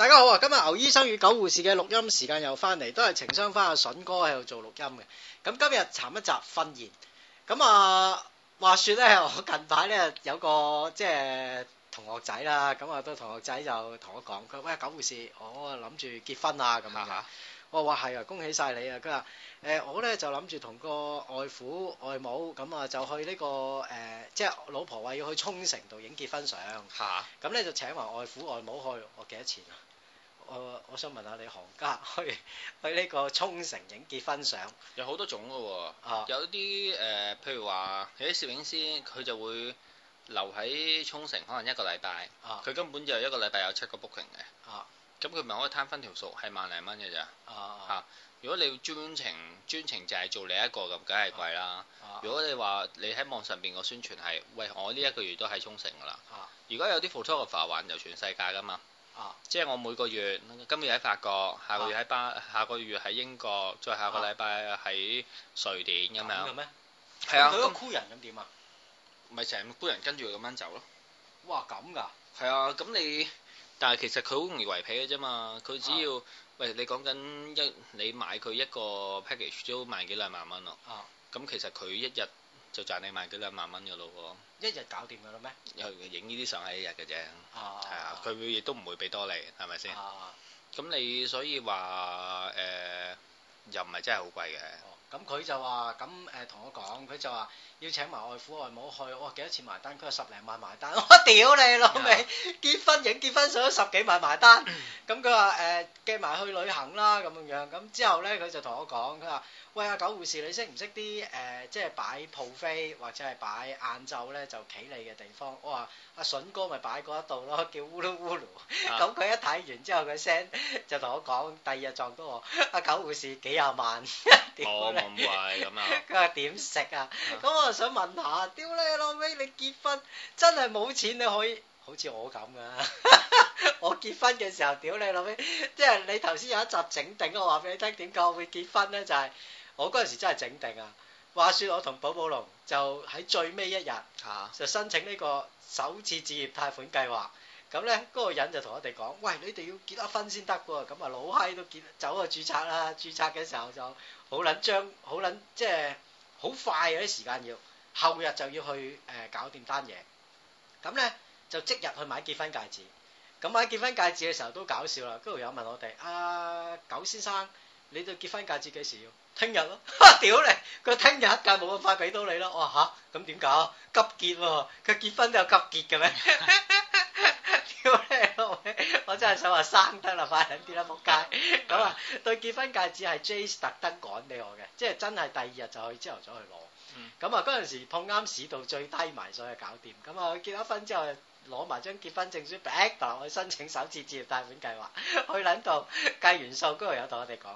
大家好啊！今日牛醫生與狗護士嘅錄音時間又翻嚟，都係情商翻阿笋哥喺度做錄音嘅。咁今日談一集婚宴。咁啊，話說咧，我近排咧有個即係、就是、同學仔啦，咁啊，都同學仔就同我講，佢，喂狗護士，我啊諗住結婚啊咁啊。我話係啊，恭喜晒你啊！佢話誒，我咧就諗住同個外父外母咁、這個呃、啊，就去呢個誒，即係老婆話要去沖繩度影結婚相。吓咁咧就請埋外父外母去，我幾多錢啊？我想問下你行家去去呢個沖繩影結婚相，有好多種咯，嚇、啊，有啲誒、呃，譬如話有啲攝影師佢就會留喺沖繩，可能一個禮拜，佢、啊、根本就一個禮拜有七個 booking 嘅，咁佢咪可以攤分條數，係萬零蚊嘅咋，嚇、啊啊。如果你要專程專程就係做你一個咁，梗係貴啦。啊啊、如果你話你喺網上邊個宣傳係，喂我呢一個月都喺沖繩㗎啦，啊、如果有啲 photographer 環遊全世界㗎嘛。啊！即係我每個月，今日喺法國，下個月喺巴，下個月喺英國，再下個禮拜喺瑞典咁樣。咁嘅咩？係啊，佢一箍人咁點啊？咪成日箍人跟住佢咁樣走咯。哇！咁噶？係啊，咁你，但係其實佢好容易圍皮嘅啫嘛。佢只要，喂，你講緊一，你買佢一個 package 都萬幾兩萬蚊咯。啊！咁其實佢一日就賺你萬幾兩萬蚊嘅咯喎。一日搞掂噶啦咩？又影呢啲相喺一日嘅啫，係啊，佢亦都唔會俾多你，係咪先？咁你所以話誒又唔係真係好貴嘅。咁佢就話：咁誒同我講，佢就話要請埋外父外母去，我話幾多錢埋單？佢話十零萬埋單，我屌你老味！結婚影結婚相十幾萬埋單，咁佢話誒計埋去旅行啦咁樣樣，咁之後咧佢就同我講，佢話。喂，阿狗護士，你識唔識啲誒，即係擺鋪飛或者係擺晏晝咧就企你嘅地方？我話阿笋哥咪擺嗰一度咯，叫烏嚕烏嚕。咁佢一睇完之後，佢聲就同我講：第二日撞到我，阿狗護士幾廿萬。我唔係咁啊！佢話點食啊？咁我就想問下，屌你老尾，你結婚真係冇錢你可以？好似我咁噶，我結婚嘅時候，屌你老尾，即係你頭先有一集整定我話俾你聽，點解我會結婚咧？就係。我嗰陣時真係整定啊！話説我同寶寶龍就喺最尾一日就申請呢個首次置業貸款計劃。咁咧，嗰個人就同我哋講：喂，你哋要結啊婚先得喎！咁啊，老閪都結走去註冊啦。註冊嘅時候就好撚張，好撚即係好快啊！啲時間要後日就要去誒搞掂單嘢。咁咧就即日去買結婚戒指。咁買結婚戒指嘅時候都搞笑啦！嗰條友問我哋：阿狗先生，你對結婚戒指幾時要？聽日咯，屌你！佢聽日一屆冇咁快俾到你咯。哇吓咁點搞？急結喎，佢結婚都有急結嘅咩？屌 你我真係想話生得啦，快啲啦，仆街！咁啊、 嗯，對結婚戒指係 Jade 特登趕俾我嘅，即、就、係、是、真係第二日就去朝頭早去攞。咁啊，嗰陣時碰啱市道最低埋，所以搞掂。咁啊，結咗婚之後。攞埋張結婚證書，劈落去申請首次置業貸款計劃， 去捻度計完數，嗰度有同我哋講：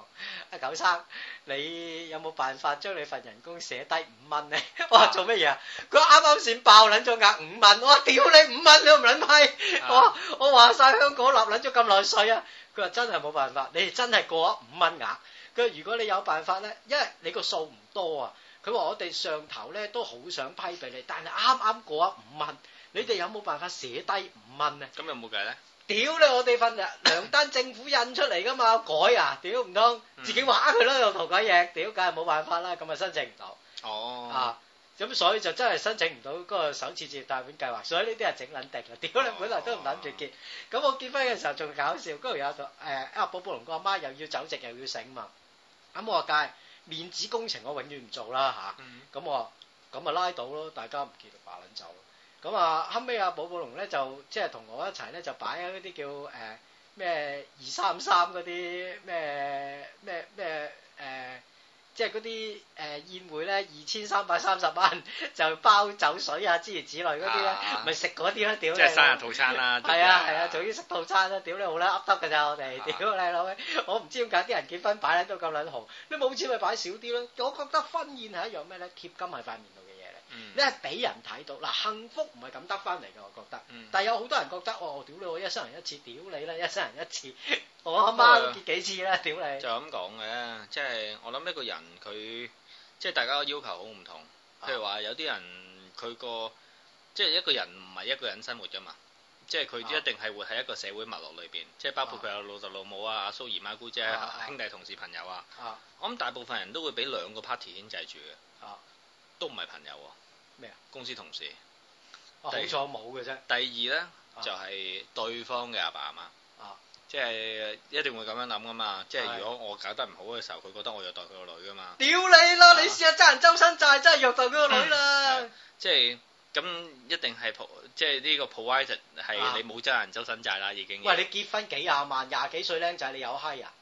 阿、啊、九生，你有冇辦法將你份人工寫低五蚊咧？我話做乜嘢啊？佢啱啱先爆捻咗額五蚊，我屌你五蚊你都唔捻批！我我話晒香港立捻咗咁耐稅啊！佢話真係冇辦法，你真係過咗五蚊額。佢話如果你有辦法咧，因為你個數唔多啊。佢話我哋上頭咧都好想批俾你，但係啱啱過咗五蚊。你哋有冇辦法寫低五蚊啊？咁有冇計咧？屌你，我哋份梁丹政府印出嚟噶嘛？改啊！屌唔通自己畫佢咯？又塗鬼嘢！屌，梗係冇辦法啦！咁啊，申請唔到哦。咁所以就真係申請唔到嗰個首次置業貸款計劃。所以呢啲係整卵定啦！屌你，本來都唔諗住結。咁我結婚嘅時候仲搞笑，嗰度有個誒阿寶寶同個阿媽又要走直又要醒嘛。咁我話介面子工程我永遠唔做啦吓。咁我咁啊拉到咯，大家唔記得把卵走。咁啊，後尾阿寶寶龍咧就即係同我一齊咧就擺啊嗰啲叫誒咩、呃、二三三嗰啲咩咩咩誒，即係嗰啲誒宴會咧二千三百三十蚊就包酒水啊之類之類嗰啲咧，咪食嗰啲咯。屌即係生日套餐啦，係啊係啊，總之食套餐啦，屌你好啦，噏得㗎咋我哋，屌你老味、啊，我唔知點解啲人結婚擺咧都咁卵豪，你冇錢咪擺少啲咯。我覺得婚宴係一樣咩咧，貼金喺塊面咧俾人睇到嗱，幸福唔係咁得翻嚟嘅，我覺得。嗯、但係有好多人覺得哦，屌你，我一生人一次，屌你啦，一生人一次，我阿媽結幾次啦、嗯、屌你。就咁講嘅，即係我諗一個人佢，即係大家嘅要求好唔同。譬如話有啲人佢個，即係一個人唔係一個人生活嘅嘛，即係佢一定係會喺一個社會脈絡裏邊，即係包括佢有老豆老母啊、阿叔姨媽姑姐、啊啊、兄弟同事朋友啊。啊我諗大部分人都會俾兩個 party 牽制住嘅。都唔係朋友喎。咩啊？公司同事，好咗冇嘅啫。第二咧就係對方嘅阿爸阿媽，啊，即係一定會咁樣諗噶嘛。即係如果我搞得唔好嘅時候，佢覺得我虐待佢個女噶嘛。屌你啦！你試下揸人周身債，真係虐待佢個女啦。即係咁一定係即係呢個 positive 係你冇揸人周身債啦，已經。喂，你結婚幾廿萬，廿幾歲靚仔，你有嗨啊？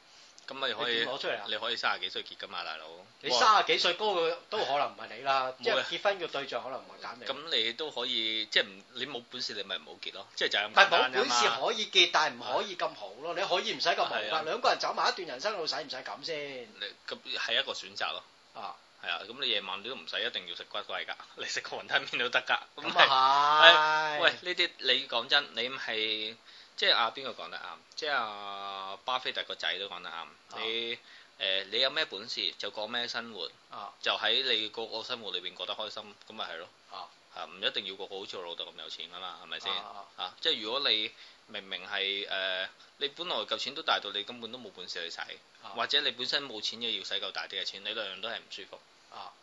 咁咪可以，你，出你可以卅幾歲結噶嘛，大佬。哇你卅幾歲嗰個都可能唔係你啦，唉即係結婚嘅對象可能唔係揀你。咁你都可以，即係唔你冇本事你咪唔好結咯，即係就咁，是，但係冇本事可以結，但係唔可以咁好咯。的你可以唔使咁豪噶，兩、啊、個人走埋一段人生路使唔使咁先？咁係一個選擇咯。啊，係啊，咁你夜晚你都唔使一定要食骨貴噶，你食個雲吞麵都得噶。咁啊係。喂，呢啲你講真，你係。你即係阿邊個講得啱？即係、啊、阿巴菲特個仔都講得啱。啊、你誒、呃，你有咩本事就過咩生活，啊、就喺你個個生活裏邊過得開心，咁咪係咯。啊，唔一定要過個好似我老豆咁有錢啊嘛，係咪先？啊，即係如果你明明係誒、呃，你本來嚿錢都大到你根本都冇本事去使，啊、或者你本身冇錢嘅要使夠大啲嘅錢，你兩樣都係唔舒服，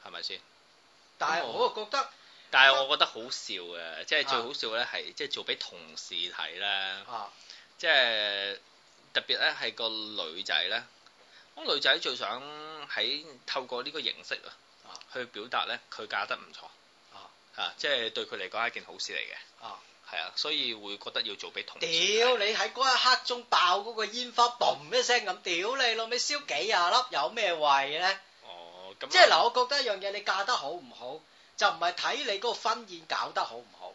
係咪先？但係我覺得。但係我覺得好笑嘅，即係最好笑咧係即係做俾同事睇咧，啊、即係特別咧係個女仔咧，個女仔最想喺透過呢個形式啊，去表達咧佢嫁得唔錯啊，啊即係對佢嚟講係一件好事嚟嘅啊，係啊，所以會覺得要做俾同事。事。屌你喺嗰一刻中爆嗰個煙花，嘣一聲咁，屌你老味燒幾廿粒，有咩謂咧？哦，啊、即係嗱，我覺得一樣嘢你嫁得好唔好？就唔係睇你嗰個婚宴搞得好唔好？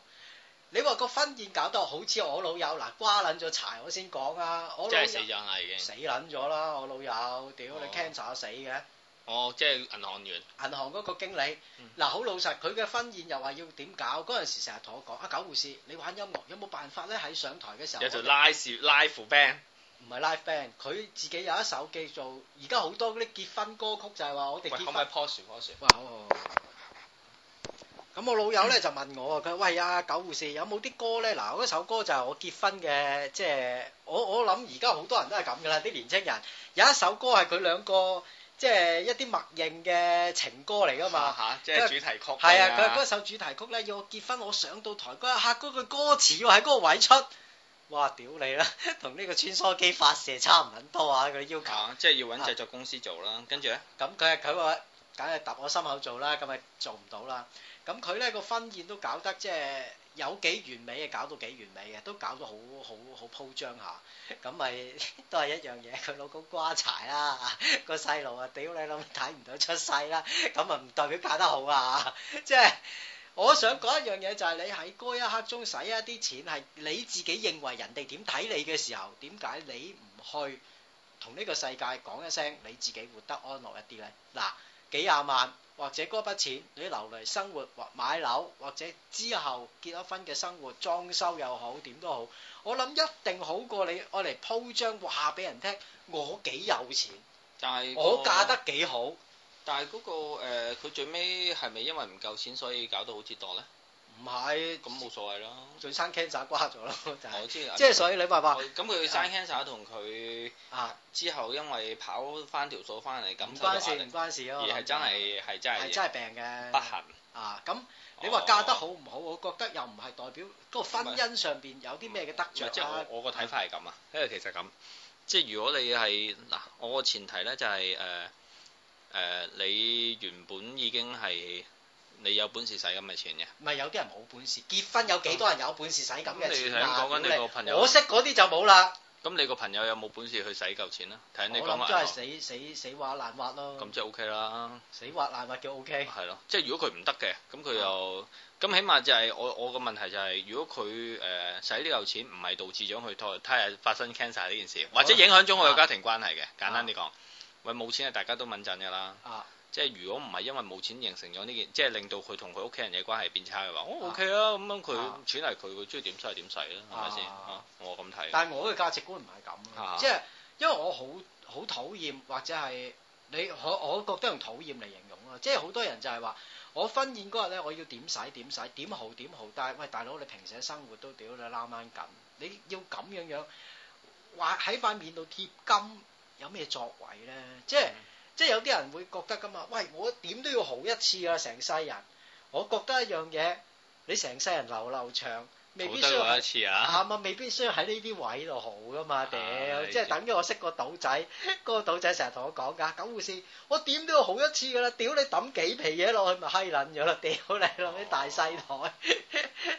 你話個婚宴搞得好，好似我老友嗱瓜撚咗柴，我先講啊！我老友即係死咗啦，已經死撚咗啦！我老友，屌你 cancer 死嘅！哦，即係銀行員，銀行嗰個經理嗱，好老實，佢嘅婚宴又話要點搞？嗰陣時成日同我講啊，狗護士，你玩音樂有冇辦法咧？喺上台嘅時候有條 live live band，唔係 live band，佢自己有一首叫做而家好多嗰啲結婚歌曲就係話我哋喂，可唔可以 po 旋 po 旋？咁、嗯、我老友咧就問我，佢話：喂，阿九護士有冇啲歌咧？嗱，嗰一首歌就係我結婚嘅，即係我我諗而家好多人都係咁噶啦，啲年青人有一首歌係佢兩個，即係一啲默認嘅情歌嚟噶嘛嚇，uh, uh, 啊、i, 即係主題曲。係啊，佢嗰首主題曲咧要我結婚，我上到台嗰下嗰句歌詞要喺嗰個位出。哇！屌你啦，同呢個穿梭機發射差唔多啊！佢要求。Uh, 即係要揾製作公司做啦，跟住咧。咁佢佢話：梗係揼我心口做啦，咁咪做唔到啦。咁佢咧個婚宴都搞得即係有幾完美嘅，搞到幾完美嘅，都搞到好好好鋪張嚇。咁咪都係一樣嘢，佢老公瓜柴啦，個細路啊屌你老睇唔到出世啦，咁啊唔代表嫁得好啊！即係我想講一樣嘢，就係你喺嗰一刻中使一啲錢，係你自己認為人哋點睇你嘅時候，點解你唔去同呢個世界講一聲你自己活得安樂一啲呢？嗱，幾廿萬。或者嗰筆錢你留嚟生活或買樓，或者之後結咗婚嘅生活裝修又好點都好，我諗一定好過你愛嚟鋪張話俾人聽，我幾有錢。但係、嗰個、我嫁得幾好。但係、嗰、嗰個佢、呃、最尾係咪因為唔夠錢，所以搞到好折墮呢？唔係，咁冇所謂咯。最生 cancer 瓜咗咯，就係。我知，即係所以，你伯伯咁佢生 cancer 同佢啊，之後，因為跑翻條數翻嚟，咁唔關事，唔關事咯。而係真係係真係係真係病嘅不幸啊！咁你話嫁得好唔好？我覺得又唔係代表個婚姻上邊有啲咩嘅得著啊！即係我個睇法係咁啊，因為其實咁，即係如果你係嗱，我個前提咧就係誒誒，你原本已經係。你有本事使咁嘅錢嘅？唔係有啲人冇本事，結婚有幾多人有本事使咁嘅錢，講緊你個朋友，我識嗰啲就冇啦。咁你個朋友有冇本事去使嚿錢呀？睇你講話，我諗都係死死死挖爛挖咯。咁即係 OK 啦。死挖爛挖叫 OK。係咯，即係如果佢唔得嘅，咁佢又咁，啊、起碼就係、是、我我個問題就係、是，如果佢誒使呢嚿錢唔係導致咗佢太太日發生 cancer 呢件事，或者影響咗我嘅家庭關係嘅，啊、簡單啲講，啊、喂冇錢係大家都敏陣㗎啦。啊即係如果唔係因為冇錢形成咗呢件，即係令到佢同佢屋企人嘅關係變差嘅話，我、啊哦、OK 啦、啊。咁樣佢、啊、錢係佢，佢中意點使係點使啦，係咪先？我咁睇。但係我嘅價值觀唔係咁，即係因為我好好討厭或者係你可我，我覺得用討厭嚟形容咯，即係好多人就係話我婚宴嗰日咧，我要點使點使點好？點好？但」但係喂大佬你平時嘅生活都屌你拉掹緊，你要咁樣樣話喺塊面度貼金有咩作為咧？即係。嗯即係有啲人會覺得噶嘛，喂，我點都要好一次噶啦！成世人，我覺得一樣嘢，你成世人流流長，未必需要一次啊，係嘛、嗯，未必需要喺呢啲位度好噶嘛，屌、啊！爹即係等於我識個賭仔，嗰、啊、個賭仔成日同我講噶，九號士，我點都要好一次噶啦，屌噢你抌幾皮嘢落去咪嗨捻咗啦，屌、啊、你諗啲大細台，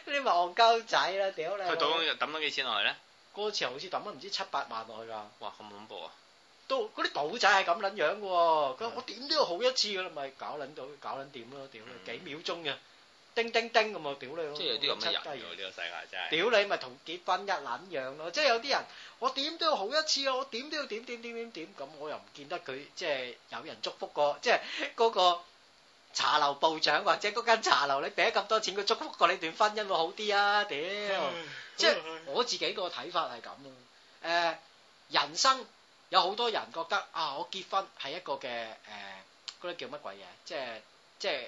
你咪戇鳩仔啦，屌你！佢賭又抌多幾錢落去咧？嗰次好似抌咗唔知七八萬落去噶。哇，咁恐怖啊！都嗰啲賭仔係咁捻樣嘅，佢我點都要好一次嘅啦，咪搞捻到搞捻掂咯，屌你，幾秒鐘嘅，叮叮叮咁咪，屌你咯，即係有啲咁嘅。屌你咪同結婚一捻樣咯，即係有啲人我點都要好一次，我點都要點點點點點，咁我又唔見得佢即係有人祝福過，即係嗰個茶樓部長或者嗰間茶樓你俾咁多錢佢祝福過你段婚姻會好啲啊？屌，即係我自己個睇法係咁，誒，人生。有好多人覺得啊，我結婚係一個嘅誒嗰啲叫乜鬼嘢、啊？即係即係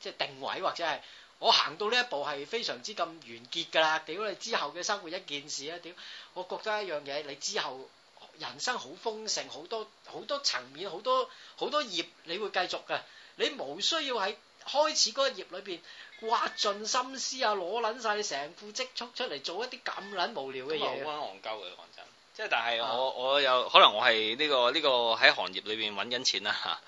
即係定位或者係我行到呢一步係非常之咁完結㗎啦！屌你之後嘅生活一件事啊！屌，我覺得一樣嘢，你之後人生好豐盛，好多好多層面，好多好多業，你會繼續嘅。你冇需要喺開始嗰個業裏邊挖盡心思啊，攞撚晒成副積蓄出嚟做一啲咁撚無聊嘅嘢、啊。好撚戇鳩嘅講真。即係，但係我、啊、我有可能我係呢、呢個呢、呢個喺行業裏邊揾緊錢啊！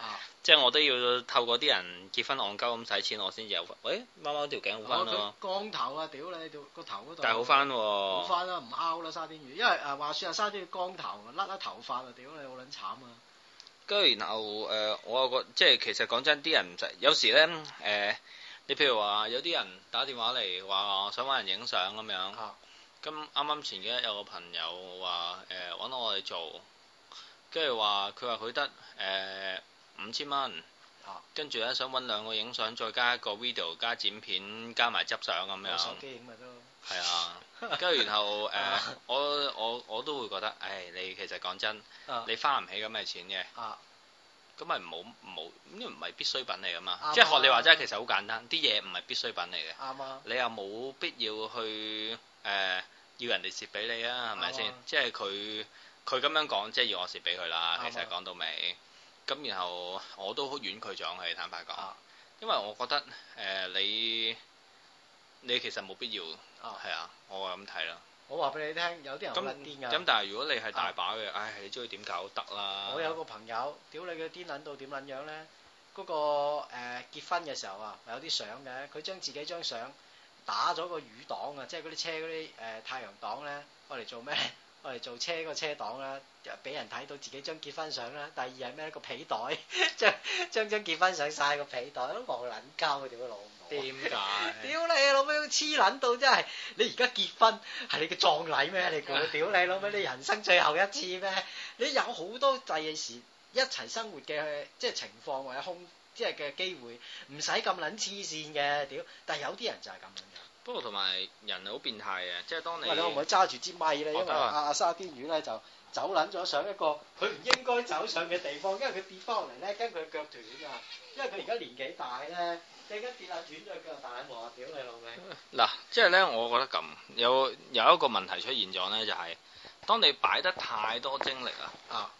即係我都要透過啲人結婚戇鳩咁使錢，我先有，喂、哎、貓貓條頸好翻咯！哦、光頭啊！屌你條個頭嗰度，但係好翻喎、啊，好翻啦，唔拗啦沙甸魚，因為誒、啊、話説啊沙甸魚光頭甩甩頭髮啊！屌你，好撚慘啊！跟住然後誒、呃，我又覺即係其實講真啲人有時咧誒、呃，你譬如話有啲人打電話嚟話我想揾人影相咁樣。啊啊。咁啱啱前幾日有個朋友話，誒、呃、揾我嚟做，跟住話佢話佢得誒、呃、五千蚊，跟住咧想揾兩個影相，再加一個 video 加剪片，加埋執相咁樣。手機影咪都。係啊，跟住 然後誒、呃， 我我我都會覺得，誒、哎、你其實講真，啊、你花唔起咁嘅錢嘅，咁咪唔好唔好，呢啲唔係必需品嚟噶嘛。即係學你話齋，其實好簡單，啲嘢唔係必需品嚟嘅。啱啊。啊你又冇必要去。誒、呃，要人哋蝕俾你啊，係咪先？即係佢佢咁樣講，即係要我蝕俾佢啦。其實講到尾，咁然後我都好婉拒佢咗，係坦白講，因為我覺得誒、呃、你你其實冇必要係啊，啊，我咁睇啦。我話俾你聽，有啲人咁那但係如果你係大把嘅，唉、啊哎，你中意點搞都得啦。我有個朋友，屌你嘅癲捻到點捻樣呢？嗰，那個誒結婚嘅時候啊，有啲相嘅，佢將自己張相。打咗個雨擋啊，即係嗰啲車嗰啲誒太陽擋咧，攞嚟做咩？攞嚟做車個車擋啦、啊，俾人睇到自己張結婚相啦、啊。第二係咩咧？個被袋將將張結婚相曬個被袋，都戇捻膠佢屌嘅老母。點解？屌 你老母黐捻到真係！你而家結婚係你嘅葬禮咩？你估屌你老母你人生最後一次咩？你有好多第二時一齊生活嘅即係情況或者空。即係嘅機會唔使咁撚黐線嘅屌，但係有啲人就係咁樣嘅。不過同埋人好變態嘅，即係當你。餵唔會揸住支咪咧，因為阿沙甸魚咧就走撚咗上一個佢唔應該走上嘅地方，因為佢跌翻落嚟咧，跟佢嘅腳斷啊，因為佢而家年紀大咧，正一跌斷斷下斷咗腳，大甩毛啊屌你老味！嗱，即係咧，我覺得咁有有一個問題出現咗咧，就係、是、當你擺得太多精力啊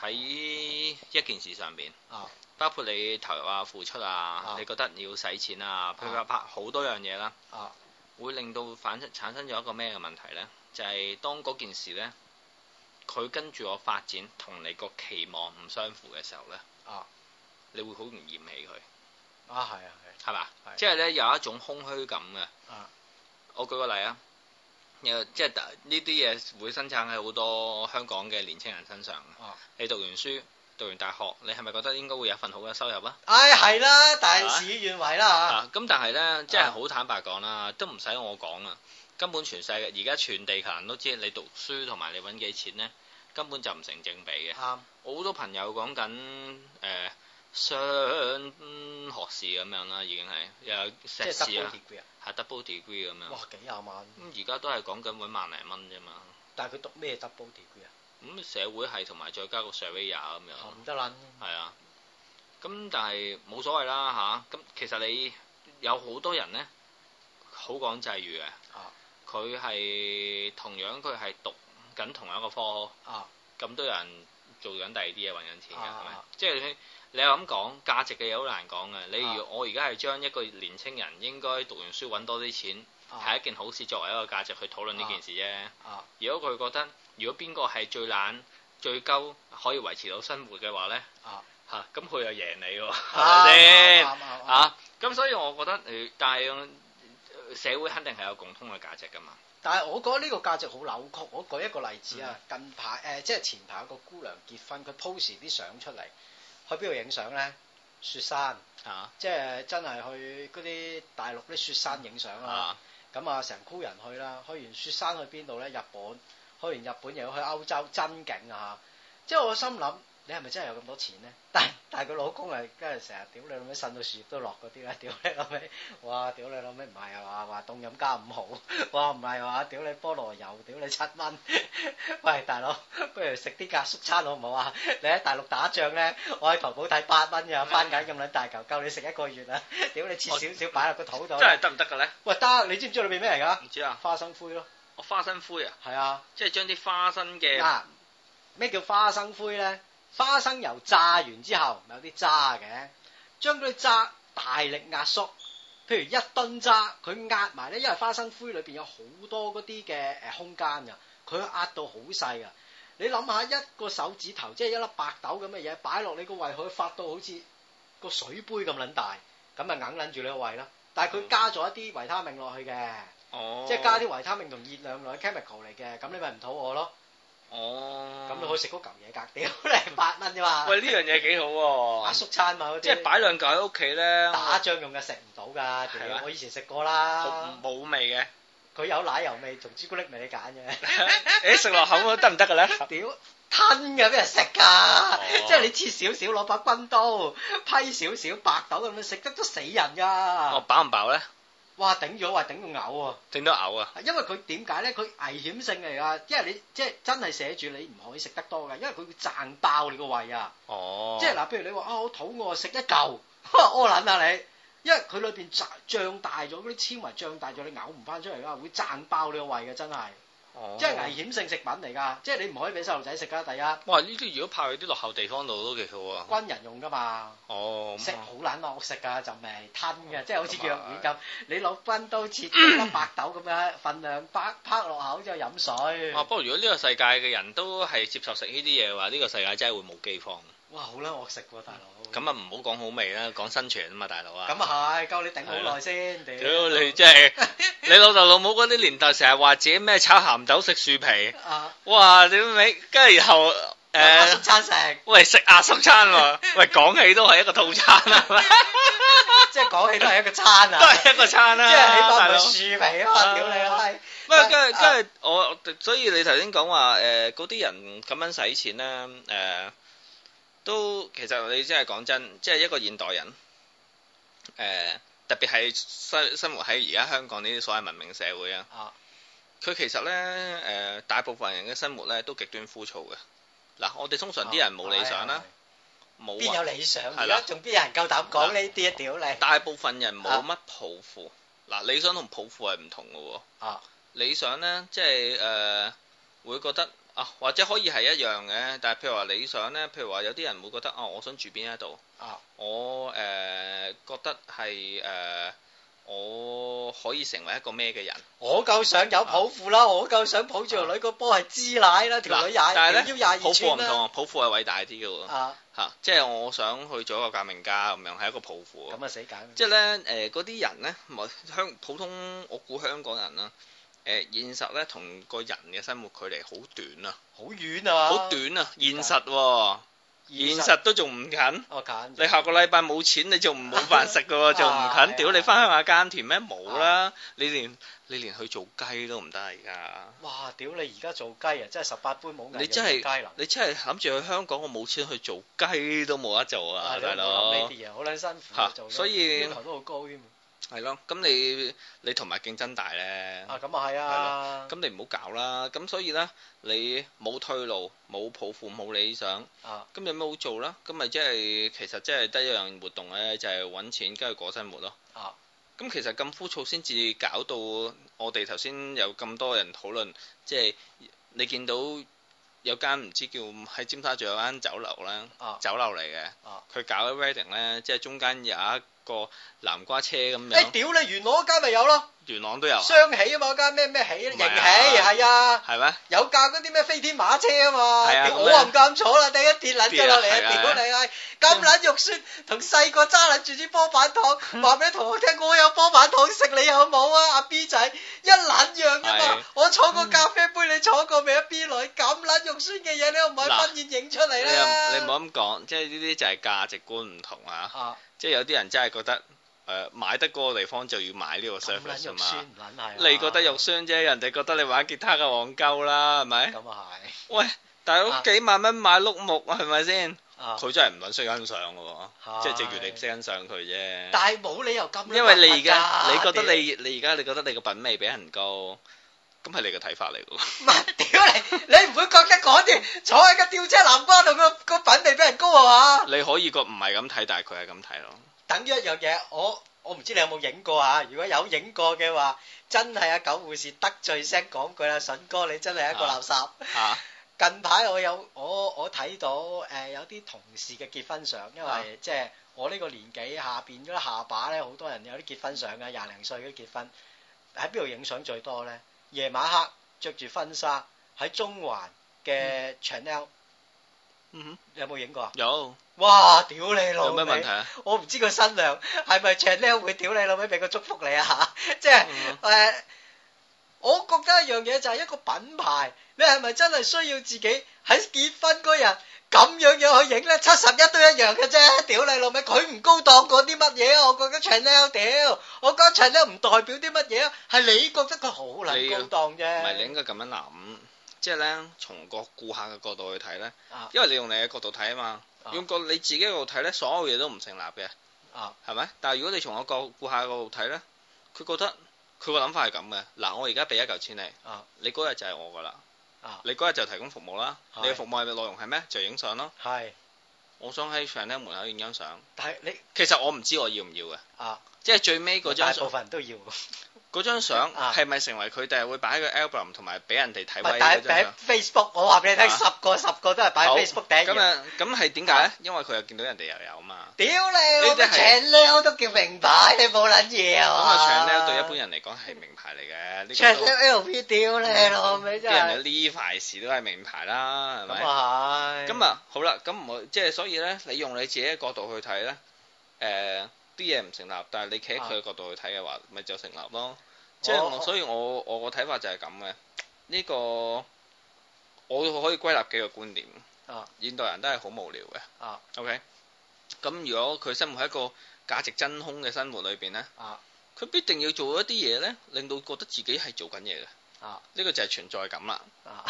喺一件事上邊啊。包括你投入啊、付出啊，你覺得你要使錢譬如拍啊，佢話拍好多樣嘢啦，啊、會令到反產生咗一個咩嘅問題呢？就係、係、當嗰件事呢，佢跟住我發展同你個期望唔相符嘅時候咧，啊、你會好容易嫌棄佢。啊，係啊，係、啊，係嘛、啊？吧啊、即係呢，有一種空虛感嘅。啊、我舉個例啊，即係呢啲嘢會生產喺好多香港嘅年輕人身上。你讀完書。讀完大學，你係咪覺得應該會有一份好嘅收入，哎，啊？唉，係啦，但事與願違啦。咁但係呢，即係好坦白講啦，都唔使我講啊，根本全世界而家全地球人都知，你讀書同埋你揾幾錢呢，根本就唔成正比嘅。我好，啊，多朋友講緊誒雙學士咁樣啦，已經係又有碩士啊，係 double degree 咁樣。哇，幾廿萬！咁而家都係講緊揾萬零蚊啫嘛。但係佢讀咩 double degree 啊？咁社會係同埋再加個 survey 啊、er、咁樣，唔得撚，係啊。咁但係冇所謂啦嚇。咁其實你有好多人咧，好講際遇嘅。啊。佢係同樣佢係讀緊同一個科。啊。咁多人做緊第二啲嘢，揾緊錢嘅係咪？即係、啊就是、你又咁講價值嘅嘢好難講嘅。例如我而家係將一個年青人應該讀完書揾多啲錢係、啊、一件好事作為一個價值去討論呢件事啫。如果佢覺得，啊啊啊如果邊個係最懶最鳩可以維持到生活嘅話咧，嚇咁佢又贏你喎，係咪先？咁、啊啊啊、所以我覺得誒，但係社會肯定係有共通嘅價值㗎嘛。但係我覺得呢個價值好扭曲。我舉一個例子啊，嗯、近排誒、呃、即係前排個姑娘結婚，佢 post 咗啲相出嚟，去邊度影相咧？雪山嚇，啊、即係真係去嗰啲大陸啲雪山影相啦。咁啊，成箍、啊、人去啦，去完雪山去邊度咧？日本。去完日本又要去歐洲，真勁啊！即係我心諗，你係咪真係有咁多錢咧？但係但係佢老公係，跟住成日屌你老味，呻到樹葉都落嗰啲啦！屌你老味，哇！屌你老味唔係啊話話凍飲加五毫，哇唔係話，屌你菠蘿油，屌你七蚊！喂，大佬，不如食啲格叔餐好唔好啊？你喺大陸打仗咧，我喺淘寶睇八蚊嘅番梘咁撚大嚿，夠你食一個月啊！屌你，切少少擺落個肚度，真係得唔得嘅咧？喂，得！你知唔知裏邊咩嚟噶？唔知啊，花生灰咯。花生灰啊，係啊，即係將啲花生嘅嗱咩叫花生灰咧？花生油炸完之後，咪有啲渣嘅，將嗰啲渣大力壓縮，譬如一噸渣，佢壓埋咧，因為花生灰裏邊有好多嗰啲嘅誒空間啊，佢壓到好細啊！你諗下一個手指頭，即係一粒白豆咁嘅嘢擺落你個胃，佢發到好似個水杯咁捻大，咁咪硬捻住你個胃咯。但係佢加咗一啲維他命落去嘅。即係加啲維他命同熱量兩 chemical 嚟嘅，咁你咪唔肚餓咯。哦，咁你可以食嗰嚿嘢㗎，屌你八蚊啫嘛。喂，呢樣嘢幾好喎。阿叔餐嘛嗰啲。即係擺兩嚿喺屋企咧。打仗用嘅食唔到㗎，我以前食過啦。冇味嘅。佢有奶油味，仲朱古力味，你揀嘅。誒食落口得唔得㗎咧？屌吞㗎畀人食㗎，即係你切少少攞把軍刀批少少白豆咁樣食，得都死人㗎。我飽唔飽咧？哇！頂咗話頂到嘔，頂到嘔啊！因為佢點解咧？佢危險性嚟㗎，因為你即係真係寫住你唔可以食得多㗎，因為佢會撐爆你個胃啊！哦，即係嗱，譬如你話、哦、 啊，啊，好肚餓食一嚿，呵，我撚下你，因為佢裏邊雜脹大咗嗰啲纖維，脹大咗你嘔唔翻出嚟啦，會撐爆你個胃嘅，真係。哦、即係危險性食品嚟㗎，即係你唔可以俾細路仔食㗎。第一，哇！呢啲如果派去啲落後地方度都幾好啊。軍人用㗎嘛，哦，食好難落食㗎，就咪吞嘅，即係好似藥丸咁。啊、你攞軍刀切粒白豆咁樣， 份量啪啪落口之後飲水。啊！不過如果呢個世界嘅人都係接受食呢啲嘢嘅話，呢、呢個世界真係會冇饑荒。哇，好啦，我食過，大佬。咁啊，唔好講好味啦，講生存啊嘛，大佬啊。咁啊係，夠你頂好耐先。屌，你即係，你老豆老母嗰啲年代成日話自己咩炒咸酒食樹皮。啊。哇，屌你？跟住然後誒，食餐食。喂，食鴨心餐喎。喂，講起都係一個套餐啊。即係講起都係一個餐啊。都係一個餐啦。即係起大個樹皮啊！屌你閪。不過，跟住跟住，我所以你頭先講話誒，嗰啲人咁樣使錢咧誒。都其實你真係講真，即係一個現代人，誒、呃、特別係生生活喺而家香港呢啲所謂文明社會啊，佢其實咧誒大部分人嘅生活咧都極端枯燥嘅。嗱，我哋通常啲人冇理想啦，冇邊有理想而家仲邊有人夠膽講呢啲啊屌你！大部分人冇乜抱負，嗱理想同抱負係唔同嘅喎。啊沒理想咧，即係誒、呃、會覺得。啊，或者可以係一樣嘅，但係譬如話理想呢，譬如話有啲人會覺得啊，我想住邊一度啊，我誒、呃、覺得係誒、呃、我可以成為一個咩嘅人？我夠想有抱負啦，啊、我夠想抱住條女個波係支奶啦，條、啊、女腰要廿二寸。抱負唔同，啊。抱負係偉大啲嘅喎。即係我想去做一個革命家咁樣，係一個抱負。咁啊死梗！即係呢誒，嗰、呃、啲人呢，唔係香普通，我估，我估香港人啦。誒現實呢同個人嘅生活距離好短啊，好遠啊，好短啊，現實，現實都仲唔近？你下個禮拜冇錢，你就冇飯食㗎喎，就唔近。屌你返鄉下耕田咩？冇啦，你連你連去做雞都唔得而家。哇！屌你而家做雞啊！真係十八杯冇銀紙雞能。你真係，你真係諗住去香港？我冇錢去做雞都冇得做啊，大佬。嚇！所以要求都好高添。係咯，咁你你同埋競爭大咧，啊咁啊係啊，咁、啊、你唔好搞啦，咁所以咧你冇退路，冇抱負，冇理想，啊，咁有咩好做咧？咁咪即係其實即係得一樣活動咧，就係、是、揾錢跟住過生活咯，啊，咁其實咁枯燥先至搞到我哋頭先有咁多人討論，即、就、係、是、你見到有間唔知叫喺尖沙咀有間酒樓啦，啊、酒樓嚟嘅，佢、啊、搞嘅 wedding 咧，即係中間有一。個南瓜車咁樣，你、欸、屌你元朗嗰間咪有咯？元朗都有啊，雙喜啊嘛，間咩咩喜迎喜，係啊，係咩？有架嗰啲咩飛天馬車啊嘛，屌我唔夠膽坐啦，第一跌撚咗落嚟，屌你係咁撚肉酸，同細個揸撚住支波板糖，話俾啲同學聽，我有波板糖食，你有冇啊？阿 B 仔一撚樣啊嘛，我坐過咖啡杯，你坐過未啊？B 女咁撚肉酸嘅嘢，你又唔好拍婚宴影出嚟啦。你唔好咁講，即係呢啲就係價值觀唔同啊，即係有啲人真係覺得。誒，買得過嘅地方就要買呢個 service 嘛。你覺得肉酸啫，人哋覺得你玩吉他嘅戇鳩啦，係咪？咁係。喂，大佬都幾萬蚊買碌木，啊，係咪先？佢真係唔卵衰欣賞喎，即係正如你唔識欣賞佢啫。但係冇理由咁。因為你而家，你覺得你你而家你覺得你嘅品味比人高，咁係你嘅睇法嚟嘅。唔係，屌你！你唔會覺得嗰啲坐喺個吊車南瓜度個品味比人高啊嘛？你可以覺唔係咁睇，但係佢係咁睇咯。等於一樣嘢，我我唔知你有冇影過嚇。如果有影過嘅話，真係阿狗護士得罪聲講句啦，筍哥你真係一個垃圾。近排我有我我睇到誒有啲同事嘅結婚相，因為即係我呢個年紀下邊嗰啲下巴咧，好多人有啲結婚相嘅，廿零歲都結婚。喺邊度影相最多咧？夜晚黑著住婚紗喺中環嘅 Chanel。你有冇影過啊？有哇！屌你老味，有咩問題啊？我唔知個新娘係咪 Chanel 會屌你老味，俾個祝福你啊！即係誒，我覺得一樣嘢就係一個品牌，你係咪真係需要自己喺結婚嗰日咁樣樣去影咧？七十一都一樣嘅啫。屌你老味，佢唔高檔過啲乜嘢啊？我覺得 Chanel 屌，我覺得 Chanel 唔代表啲乜嘢啊，係你覺得佢好難高檔啫。唔係你應該咁樣諗。即係咧，從個顧客嘅角度去睇咧，因為你用你嘅角度睇啊嘛，用個你自己嘅角度睇咧，所有嘢都唔成立嘅，係咪？但係如果你從我個顧客嘅角度睇咧，佢覺得佢個諗法係咁嘅。嗱，我而家俾一嚿錢你，你嗰日就係我噶啦，你嗰日就提供服務啦。你嘅服務嘅內容係咩？就影相咯。係，我想喺餐廳門口影張相。但係你，其實我唔知我要唔要嘅。啊，即係最尾嗰張。大部分人都要。嗰張相係咪成為佢哋係會擺喺、啊、個 album 同埋俾人哋睇？擺擺 Facebook，我話俾你聽，十個十個都係擺喺 Facebook 頂。咁啊咁係點解？因為佢又見到人哋又有嘛？屌你、啊，你隻長僆都叫名牌，你冇捻嘢啊！咁啊，長僆對一般人嚟講係名牌嚟嘅。長僆 LV，屌你老、啊、味真係。呢排事都係名牌啦，係咪？咁啊咁啊好啦，咁唔好即係所以咧，你用你自己嘅角度去睇咧，誒啲嘢唔成立，但係你企喺佢嘅角度去睇嘅話，咪、啊、就成立咯。即係、哦哦、所以我我個睇法就係咁嘅。呢、呢個我可以歸納幾個觀點。啊。現代人都係好無聊嘅。啊。O K。咁如果佢生活喺一個價值真空嘅生活裏邊咧，啊。佢必定要做一啲嘢咧，令到覺得自己係做緊嘢嘅。啊。呢個就係存在感啦。啊。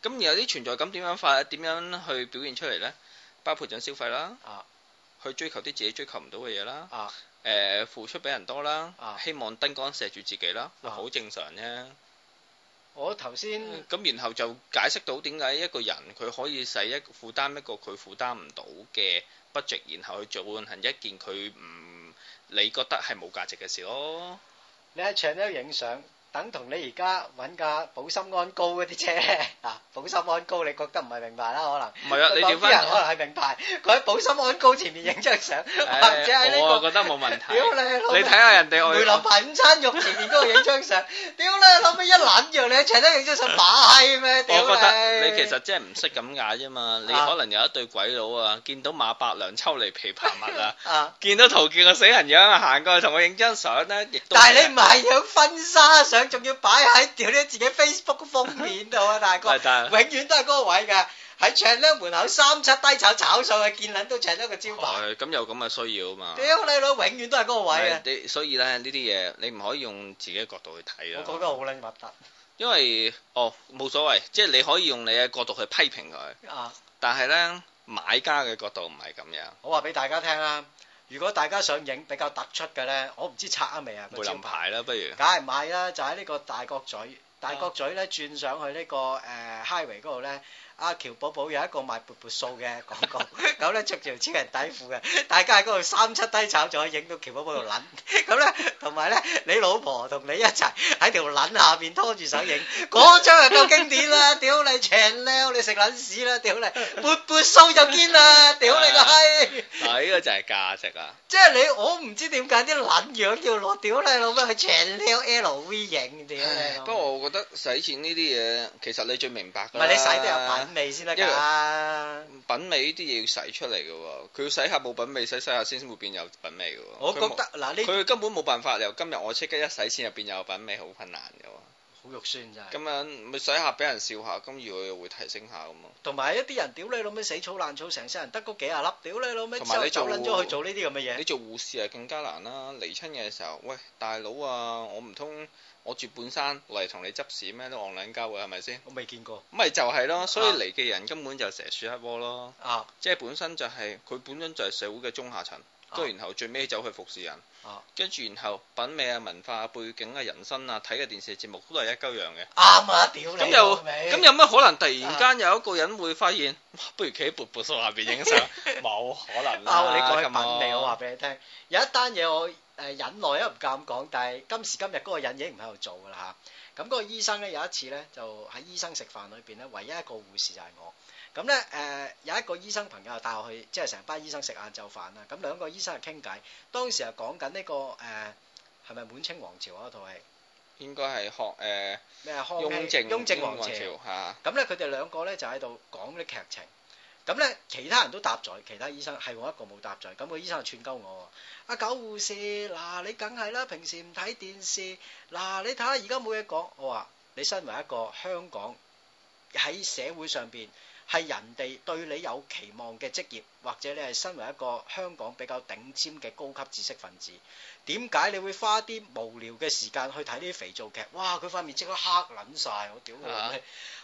咁然後啲存在感點樣發？點樣去表現出嚟咧？包括像消費啦。啊。啊去追求啲自己追求唔到嘅嘢啦。啊。啊誒、呃、付出比人多啦，啊、希望燈光射住自己啦，好、啊、正常啫。我頭先咁，然後就解釋到點解一個人佢可以使一負擔一個佢負擔唔到嘅 budget，然後去做換行一件佢唔你覺得係冇價值嘅事咯。你喺場度影相。等同你而家揾架保心安高嗰啲車，嗱保心安高你覺得唔係名牌啦可能，唔係啊你點解，可能係名牌，佢喺保心安高前面影張相，或者喺呢個，我啊覺得冇問題，屌你，你睇下人哋我梅林牌午餐肉前面都我影張相，屌你諗起一攬住你一齊都影張相馬閪咩，我覺得你其實真係唔識咁解啫嘛，你可能有一對鬼佬啊，見到馬伯良抽離琵琶密啊，見到陶傑個死人樣啊行過去同我影張相咧，亦都，但係你唔係影婚紗相。仲要擺喺屌你自己 Facebook 封面度啊，大哥 是，是永遠都係嗰個位嘅，喺長洲門口三七低炒炒上去，見撚都長洲嘅招牌。咁、哎、有咁嘅需要啊嘛，屌你老，永遠都係嗰個位啊！所以咧呢啲嘢，你唔可以用自己嘅角度去睇啊。我覺得好撚核突，因為哦冇所謂，即係你可以用你嘅角度去批評佢。啊！但係呢，買家嘅角度唔係咁樣。我話俾大家聽啦。如果大家想影比較突出嘅呢，我唔知拆啊未啊，冇諗排啦，不如，梗係唔係啦，就喺呢個大角咀，啊、大角咀呢轉上去呢、呢個誒、呃、Highway 嗰度呢。阿喬寶寶有一個賣缽缽酥嘅廣告，咁咧着住條超人底褲嘅，大家喺嗰度三七低炒，就可以影到喬寶寶度捻，咁咧同埋咧你老婆同你一齊喺條捻下邊拖住手影，嗰張又夠經典啦！屌你 Chanel，你食捻屎啦！屌你缽缽酥就堅啦！屌你個閪！啊，呢個就係價值啊！即係你我唔知點解啲捻樣要攞，屌你老母去 ChanelLV 影屌你！不過我覺得使錢呢啲嘢，其實你最明白。唔係你使都有辦法。品味先得噶，品味呢啲嘢要洗出嚟嘅喎，佢要洗下冇品味，洗洗下先會變有品味嘅喎。我覺得嗱呢，佢根本冇辦法由今日我即刻一洗錢就變有品味，好困難嘅喎。好肉酸真係。咁樣咪洗下俾人笑下，咁如果又會提升下咁啊。同埋一啲人，屌你老味死草爛草，成世人得嗰幾廿粒，屌你老味，朝早攆咗去做呢啲咁嘅嘢。你做護士係更加難啦，啊，離親嘅時候，喂大佬啊，我唔通。我住半山嚟同你執屎咩都戇卵交嘅係咪先？是是我未見過，咁咪就係咯，所以嚟嘅人根本就蛇鼠一窩咯。啊，即係本身就係、是、佢本身就係社會嘅中下層，跟住、啊、然後最尾走去服侍人。跟住、啊、然後品味啊、文化背景啊、人生啊、睇嘅電視節目都係一鳩樣嘅。啱啊，屌咁又咁有咩可能突然間有一個人會發現？啊啊、不如企喺瀑布下邊影相，冇 可能啦。啱、 啊，你講起品味，我話俾你聽，有一單嘢我。我誒忍耐啦，唔敢咁講，但係今時今日嗰個人已經唔喺度做噶啦嚇。咁、啊、嗰、那個醫生咧有一次咧，就喺醫生食飯裏邊咧，唯一一個護士就係我。咁咧誒有一個醫生朋友帶我去，即係成班醫生食晏晝飯啦。咁、啊、兩個醫生係傾偈，當時係講緊呢個誒係咪滿清王朝嗰、啊、套戲？應該係康誒咩？呃、雍正雍正王朝嚇。咁咧佢哋兩個咧就喺度講啲劇情。咁咧，其他人都搭載，其他醫生，係我一個冇搭載。咁、個醫生就串鳩我。啊，狗護士，嗱、啊、你梗係啦，平時唔睇電視嗱、啊、你睇下而家冇嘢講。我話你身為一個香港。喺社會上邊係人哋對你有期望嘅職業，或者你係身為一個香港比較頂尖嘅高級知識分子，點解你會花啲無聊嘅時間去睇啲肥皂劇？哇！佢塊面即刻黑撚晒。我屌！啊、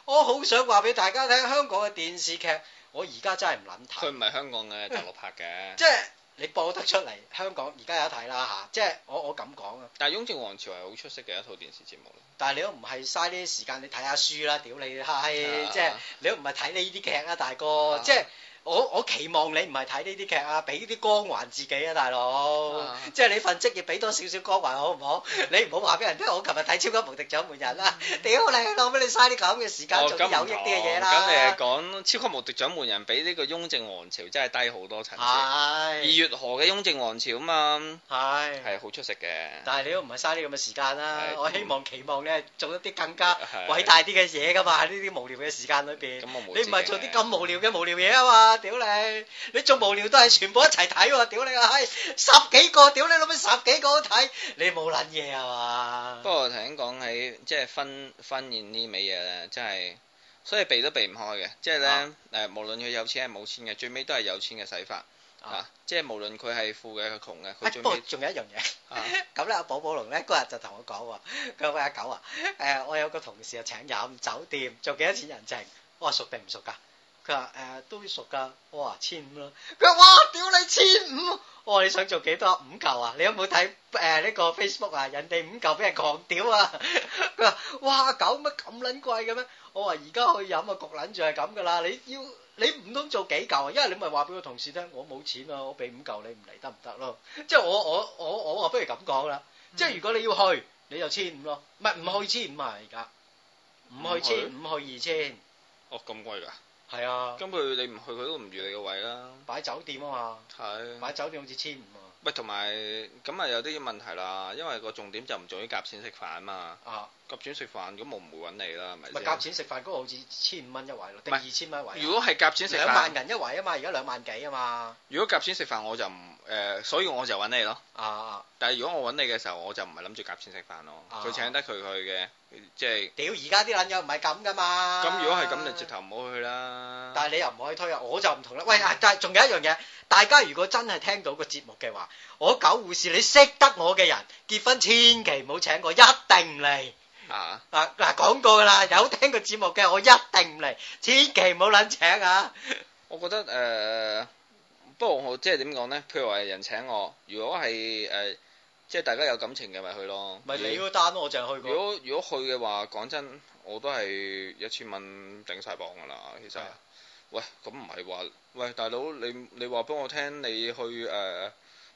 我好想話俾大家聽，香港嘅電視劇，我而家真係唔撚睇。佢唔係香港嘅大陸拍嘅、嗯。即係。你播得出嚟，香港而家有得睇啦吓？即係我我咁講啊！但係《雍正王朝》係好出色嘅一套電視節目。但係你都唔係嘥呢啲時間。你睇下書啦，屌你係、哎啊、即係你都唔係睇你呢啲劇啊，大哥！啊、即係。我我期望你唔係睇呢啲劇啊，俾啲光環自己啊，大佬，即係你份職業俾多少少光環好唔好？你唔好話俾人聽，我琴日睇《超級無敵掌門人》啊，屌你，我唔好俾你嘥啲咁嘅時間做啲有益啲嘅嘢啦。咁你係講《超級無敵掌門人》比呢個《雍正王朝》真係低好多層次。二月河嘅《雍正王朝》啊嘛。係。係好出色嘅。但係你都唔係嘥啲咁嘅時間啦。我希望期望你係做一啲更加偉大啲嘅嘢㗎嘛，呢啲無聊嘅時間裏邊。咁我冇。你唔係做啲咁無聊嘅無聊嘢啊嘛？屌你！你仲無聊都係全部一齊睇，屌你啊！十幾個，屌你老味十幾個都睇，你冇捻嘢啊嘛？不過我頭先講起即係婚婚宴呢味嘢咧，真係所以避都避唔開嘅。即係咧誒，無論佢有錢定冇錢嘅，最尾都係有錢嘅洗法啊。即係無論佢係富嘅定窮嘅，啊，不過仲有一樣嘢。咁咧阿寶寶龍咧嗰日就同我講喎，佢話喂阿狗啊誒，我有個同事啊請飲酒店，做幾多錢人情？我話熟定唔熟噶？佢話誒都熟噶，我千五咯！佢話哇屌你千五，我話你想做幾多？五嚿啊？你有冇睇誒呢個 Facebook 啊？人哋五嚿俾人狂屌啊！佢 話哇搞乜咁捻貴嘅咩？我話而家去飲啊焗捻住係咁噶啦！你要你唔通做幾嚿啊？因為你咪話俾個同事聽，我冇錢啊，我俾五嚿你唔嚟得唔得咯？即係我我我我話不如咁講啦！嗯、即係如果你要去，你就千五咯，唔係唔去千五啊而家，唔去千五去二千。哦咁貴噶～係啊，咁佢你唔去，佢都唔住你個位啦。擺酒店啊嘛，係，擺酒店好似千五啊。喂，同埋咁啊有啲問題啦，因為個重點就唔做啲夾錢食飯啊嘛。啊。夾錢食飯，咁我唔會揾你啦，咪先。夾錢食飯嗰個好似千五蚊一位咯，定二千蚊一位。如果係夾錢食飯，萬人一位啊嘛，而家兩萬幾啊嘛。如果夾錢食飯，我就唔，誒，所以我就揾你咯。啊但係如果我揾你嘅時候，我就唔係諗住夾錢食飯咯，佢請得佢去嘅。即係屌而家啲撚友唔係咁噶嘛？咁如果係咁，就直頭唔好去啦。但係你又唔可以推啊！我就唔同啦。喂，但係仲有一樣嘢，大家如果真係聽到個節目嘅話，我狗護士，你識得我嘅人結婚千祈唔好請我，一定唔嚟。啊！啊！嗱，講過噶啦，有聽過節目嘅，我一定唔嚟，千祈唔好撚請啊！我覺得誒，不過我即係點講咧？譬如話人請我，如果係誒。即係大家有感情嘅咪去咯，唔係你嗰單我就係去過。如果如果去嘅話，講真，我都係一千蚊頂晒磅㗎啦。其實，喂，咁唔係話，喂，大佬，你你話俾我聽，你去誒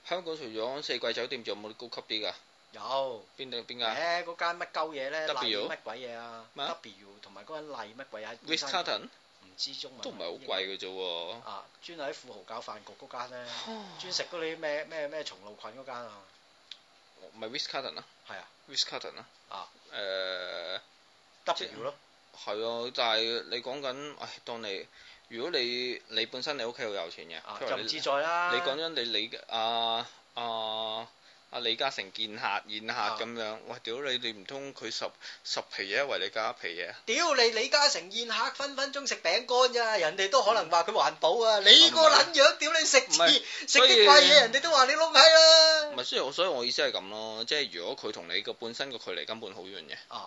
香港除咗四季酒店，仲有冇啲高級啲㗎？有邊度邊間？誒嗰間乜鳩嘢咧？爛咗乜鬼嘢啊？W 同埋嗰間麗乜鬼啊？Ritz-Carlton 唔知中文都唔係好貴嘅啫喎。啊，專係喺富豪搞飯局嗰間咧，專食嗰啲咩咩咩松露菌嗰間啊。唔係 Whiskerton 啊，係啊，Whiskerton 啊，啊，誒，得咯，係啊，但係你講緊，唉，當你如果你你本身你屋企好有錢嘅，啊，就唔自在啦你你，你講緊你你嘅，啊、呃、啊。呃阿李嘉誠見客宴客咁樣，我、嗯、屌你！你唔通佢十十皮嘢、啊、為你加一皮嘢、啊？屌你！李嘉誠宴客分分鐘食餅乾咋，人哋都可能話佢環保啊！嗯、你個撚樣，屌你食唔係？食啲怪嘢，人哋都話你撈係呀！唔係，所以、啊、所以我意思係咁咯，即係如果佢同你個本身個距離根本好遠嘅，啊、嗯，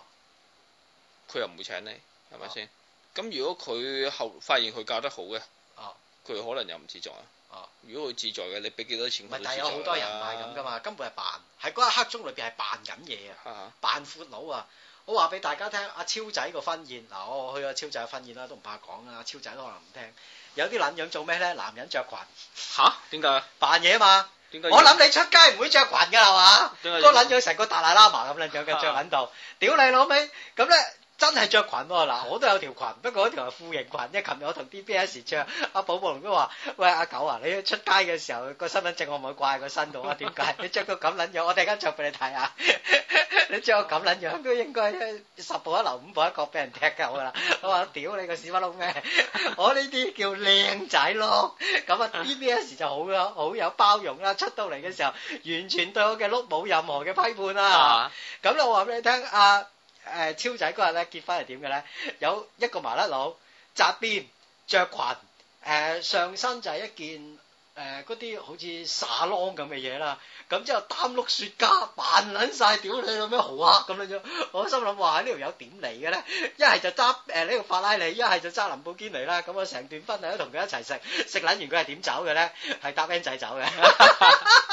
佢又唔會請你，係咪先？咁、嗯、如果佢後發現佢教得好嘅，啊、嗯，佢可能又唔自在。啊。如果佢自在嘅，你俾幾多錢？咪係有好多人賣咁噶嘛，啊、根本係扮，喺嗰一刻鐘裏邊係扮緊嘢啊，扮闊佬啊！我話俾大家聽，阿、啊、超仔個婚宴，嗱、啊，我去阿超仔個婚宴啦，都唔怕講啊。阿超仔都可能唔聽。有啲撚樣做咩咧？男人着裙吓？點解、啊？扮嘢啊嘛！我諗你出街唔會着裙㗎喇嘛？嗰撚樣成個達賴喇嘛，咁撚、啊啊啊、樣嘅着撚度，屌你老味。咁咧。真係著裙嗱，我都有條裙，不過嗰條係褲型裙。因為琴日我同 D B S 著，阿寶寶龍都話：喂阿狗啊，你出街嘅時候個身份證可唔可以掛喺個身度啊？點解你著到咁撚樣？我陣間著俾你睇下，你著到咁撚樣都應該十步一留，五步一角俾人踢噶啦。我話：屌你個屎忽窿咩？我呢啲叫靚仔咯。咁啊，D B S 就好咯，好有包容啦。出到嚟嘅時候，完全對我嘅 look 冇任何嘅批判啦。咁我話俾你聽，阿誒超仔嗰日咧結婚係點嘅咧？有一個麻甩佬紮辮、着裙，誒、呃、上身就係一件誒嗰啲好似沙啷咁嘅嘢啦。咁之後擔碌雪茄扮撚晒屌你老咩豪客咁樣樣。我心諗話呢條友點嚟嘅咧，一係就揸誒呢個法拉利，一係就揸林布堅尼啦。咁我成段婚禮都同佢一齊食食撚完，佢係點走嘅咧？係搭僆仔走嘅。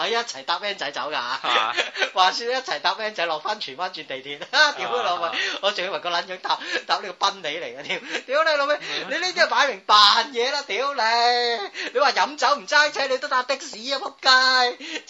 哎，一齊搭 van 仔走㗎，話說一齊搭 van 仔落返荃灣，轉地鐵，屌你老味，我仲以為個撚樣搭，搭呢個賓利嚟嘅添，屌你老味，屌你老味，你呢啲係擺明扮嘢啦，屌你，你話飲酒唔揸車，你都搭的士啊！仆街, mm -hmm.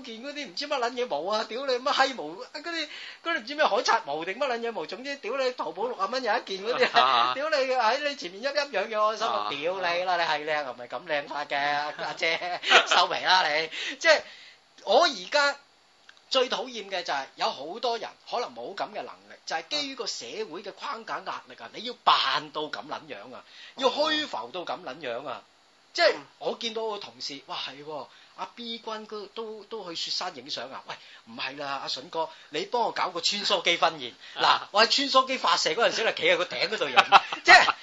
onn 件嗰啲唔知乜撚嘢毛啊！屌你乜閪毛？嗰啲嗰啲唔知咩海賊毛定乜撚嘢毛？總之屌你！淘寶六啊蚊有一件嗰啲啊！屌你喺你前面欣欣攘攘，我心諗屌你啦！你係靚係咪咁靚法嘅阿姐？收皮啦你！即係我而家最討厭嘅就係有好多人可能冇咁嘅能力，就係基於個社會嘅框架壓力啊！你要扮到咁撚樣啊，要虛浮到咁撚樣啊！即係我見到個同事，哇係！阿 B 君都都去雪山影相啊！喂，唔係啦，阿、啊、筍哥，你幫我搞個穿梭機婚宴嗱，我喺穿梭機發射嗰陣時，我企喺個頂嗰度影， 即係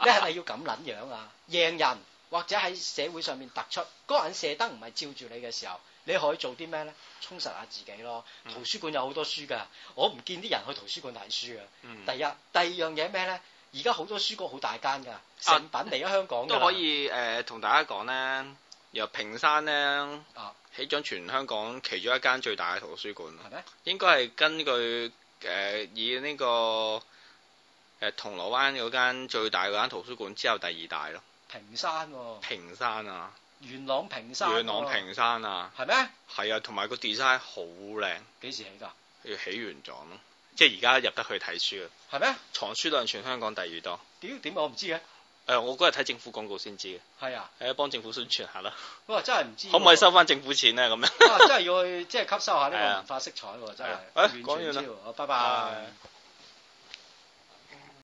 你係咪要咁撚樣，樣啊？贏人或者喺社會上面突出，嗰個人射燈唔係照住你嘅時候，你可以做啲咩咧？充實下自己咯。圖書館有好多書㗎，我唔見啲人去圖書館睇書啊。第一，第二樣嘢咩咧？而家好多書局好大間㗎，成品嚟咗香港、啊、都可以誒，同、呃、大家講咧。由平山咧，起咗、啊、全香港其中一間最大嘅圖書館，嗎應該係根據誒、呃、以呢、那個誒、呃、銅鑼灣嗰間最大嗰間圖書館之後第二大咯。平山喎。平山啊。元朗平山、啊。元朗平山啊。係咩？係啊，同埋嗎、啊、個 design 好靚。幾時起㗎？要起完咗咯，即係而家入得去睇書啊。係咩嗎？藏書量全香港第二多。屌點解我唔知嘅？誒、呃，我嗰日睇政府廣告先知嘅。係啊，係啊、欸，幫政府宣傳下啦。我、哦、真係唔知、哦，可唔可以收翻政府錢咧？咁樣、啊、真係要去，即係吸收下呢個文化色彩喎！真係。誒，講完啦、哦，拜拜。哎